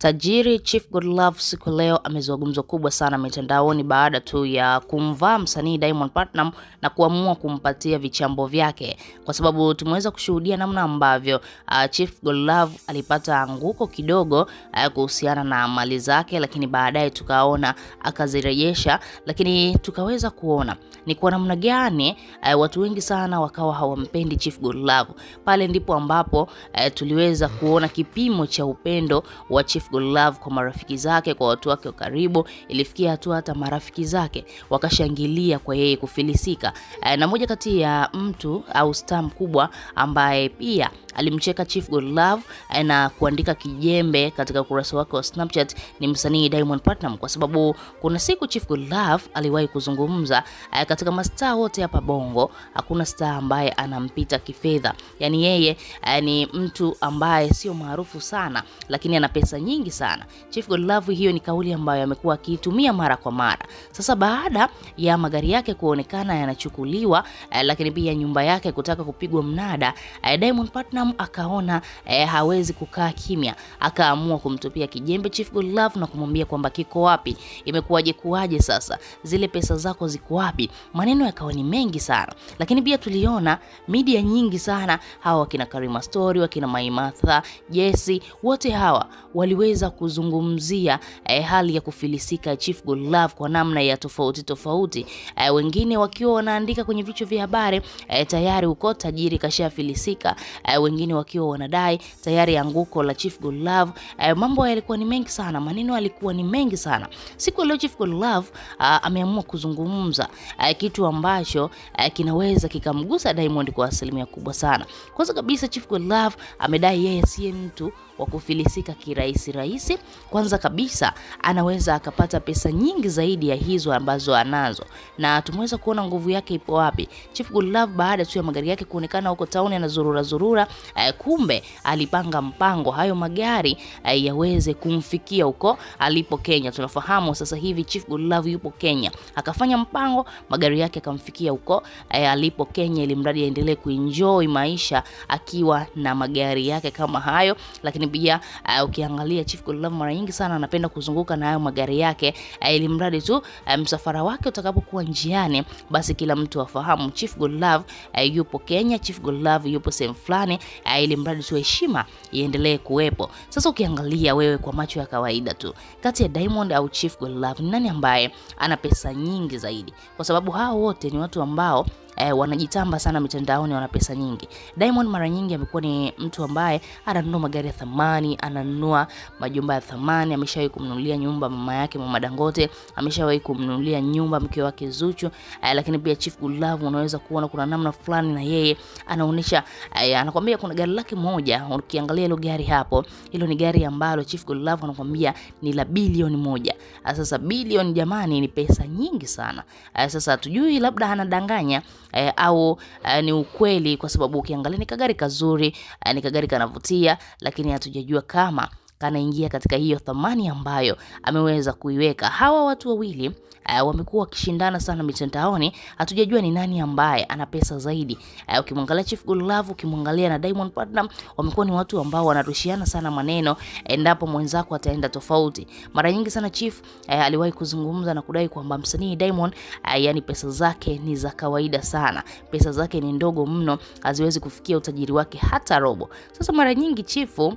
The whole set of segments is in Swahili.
Tajiri Chief Godlove siku leo amezua gumzo kubwa sana mitandaoni baada tu ya kumvaa msanii Diamond Platinum na kuamua kumpatia vichambo vyake, kwa sababu tumeweza kushuhudia namna ambavyo uh, Chief Godlove alipata anguko kidogo uh, kuhusiana na mali zake, lakini baadaye tukaona akazirejesha, lakini tukaweza kuona ni kwa namna gani uh, watu wengi sana wakawa hawampendi Chief Godlove. Pale ndipo ambapo uh, tuliweza kuona kipimo cha upendo wa Chief Good Love kwa marafiki zake, kwa watu wake wa karibu. Ilifikia hatua hata marafiki zake wakashangilia kwa yeye kufilisika. E, Na moja kati ya mtu au star mkubwa ambaye pia alimcheka Chief Godlove eh, na kuandika kijembe katika ukurasa wake wa Snapchat ni msanii Diamond Platinum, kwa sababu kuna siku Chief Godlove aliwahi kuzungumza eh, katika mastaa wote hapa Bongo, hakuna star ambaye anampita kifedha. Yani yeye ni mtu ambaye sio maarufu sana, lakini ana pesa nyingi nyingi sana. Chief Godlove, hiyo ni kauli ambayo amekuwa akiitumia mara kwa mara. Sasa baada ya magari yake kuonekana yanachukuliwa, eh, lakini pia nyumba yake kutaka kupigwa mnada, eh, Diamond Platnumz akaona eh, hawezi kukaa kimya, akaamua kumtupia kijembe Chief Godlove na kumwambia kwamba kiko wapi, imekuwaje kuwaje, sasa zile pesa zako ziko wapi? Maneno yakawa ni mengi sana, lakini pia tuliona media nyingi sana hawa wakina Karima Story, wakina Maimatha Jesse, wote hawa waliwe kuweza kuzungumzia eh, hali ya kufilisika Chief Godlove kwa namna ya tofauti tofauti, eh, wengine wakiwa wanaandika kwenye vichwa vya habari eh, tayari uko tajiri kashafilisika, eh, wengine wakiwa wanadai tayari anguko la Chief Godlove. Eh, mambo yalikuwa ni mengi sana, maneno yalikuwa ni mengi sana. Siku leo Chief Godlove ah, ameamua kuzungumza eh, kitu ambacho eh, kinaweza kikamgusa Diamond kwa asilimia kubwa sana. Kwanza kabisa Chief Godlove amedai yeye si mtu wa kufilisika kirahisi rahisi. Kwanza kabisa anaweza akapata pesa nyingi zaidi ya hizo ambazo anazo, na tumeweza kuona nguvu yake ipo wapi. Chief Godlove baada tu ya magari yake kuonekana huko town anazurura zurura, eh, kumbe alipanga mpango hayo magari eh, yaweze kumfikia huko alipo Kenya. Tunafahamu sasa hivi Chief Godlove yupo Kenya, akafanya mpango magari yake akamfikia huko eh, alipo Kenya, ili mradi aendelee kuenjoy maisha akiwa na magari yake kama hayo, lakini pia uh, ah, ukiangalia Chief Godlove mara nyingi sana anapenda kuzunguka na hayo magari yake uh, ili mradi tu uh, msafara wake utakapokuwa njiani, basi kila mtu afahamu Chief Godlove uh, yupo Kenya, Chief Godlove yupo sehemu fulani uh, ili mradi tu heshima iendelee kuwepo. Sasa ukiangalia wewe kwa macho ya kawaida tu, kati ya Diamond au Chief Godlove, nani ambaye ana pesa nyingi zaidi? Kwa sababu hao wote ni watu ambao eh, wanajitamba sana mitandaoni, wana pesa nyingi. Diamond mara nyingi amekuwa ni mtu ambaye ananunua magari ya thamani, ananunua majumba ya thamani, ameshawahi kumnunulia nyumba mama yake mama Dangote, ameshawahi kumnunulia nyumba mke wake Zuchu, eh, lakini pia Chief Gulavu unaweza kuona kuna namna fulani na yeye anaonesha eh, anakuambia kuna gari lake moja, ukiangalia ile gari hapo, hilo ni gari ambalo Chief Gulavu anakuambia ni la bilioni moja. Ah, sasa bilioni jamani, ni pesa nyingi sana. Ah, sasa tujui labda anadanganya e, au e, ni ukweli, kwa sababu ukiangalia ni kagari kazuri e, ni kagari kanavutia, lakini hatujajua kama kanaingia katika hiyo thamani ambayo ameweza kuiweka. Hawa watu wawili uh, wamekuwa wakishindana sana mitandaoni, hatujajua ni nani ambaye ana pesa zaidi. Uh, ukimwangalia Chief Godlove, ukimwangalia na Diamond Platinum, wamekuwa ni watu ambao wanarushiana sana maneno endapo mwenzako ataenda tofauti. Mara nyingi sana Chief uh, aliwahi kuzungumza na kudai kwamba msanii Diamond uh, yani pesa zake ni za kawaida sana, pesa zake ni ndogo mno, haziwezi kufikia utajiri wake hata robo. Sasa mara nyingi Chief uh,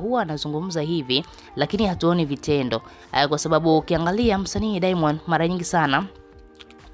huwa anazungumza anazungumza hivi, lakini hatuoni vitendo, kwa sababu ukiangalia msanii Diamond mara nyingi sana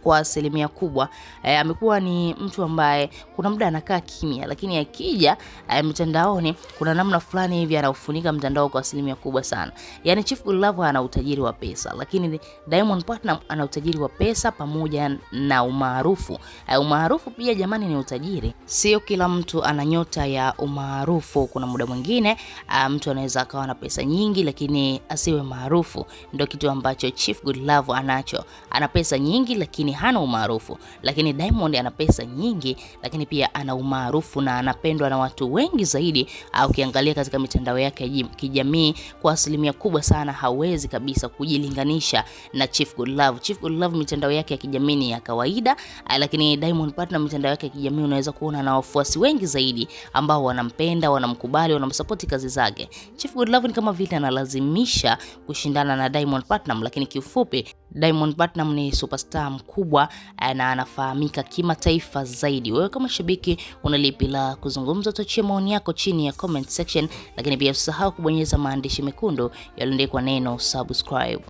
kwa asilimia kubwa e, amekuwa ni mtu ambaye kuna muda anakaa kimya, lakini akija e, mtandaoni kuna namna fulani hivi anaufunika mtandao kwa asilimia kubwa sana. Yani Chief Godly Love ana utajiri wa pesa, lakini Diamond Platnumz ana utajiri wa pesa pamoja na umaarufu. E, umaarufu pia jamani ni utajiri, sio kila mtu ana nyota ya umaarufu. Kuna muda mwingine e, mtu anaweza akawa na pesa nyingi lakini asiwe maarufu. Ndio kitu ambacho Chief Godly Love anacho, ana pesa nyingi lakini hana umaarufu, lakini Diamond ana pesa nyingi, lakini pia ana umaarufu na anapendwa na watu wengi zaidi. Au Ukiangalia katika mitandao yake ya kijamii, kwa asilimia kubwa sana hawezi kabisa kujilinganisha na Chief Godlove. Chief Godlove mitandao yake ya kijamii ni ya kawaida, lakini Diamond Platnumz mitandao yake ya kijamii unaweza kuona na wafuasi wengi zaidi ambao wanampenda, wanamkubali, wanamsapoti kazi zake. Chief Godlove ni kama vile analazimisha kushindana na Diamond Platnumz, lakini kiufupi Diamond Platnumz ni superstar mkubwa mkubwa eh, na anafahamika kimataifa zaidi. Wewe kama shabiki una lipi la kuzungumza? Tuachie maoni yako chini ya comment section, lakini pia usisahau kubonyeza maandishi mekundu yaliyoandikwa neno subscribe.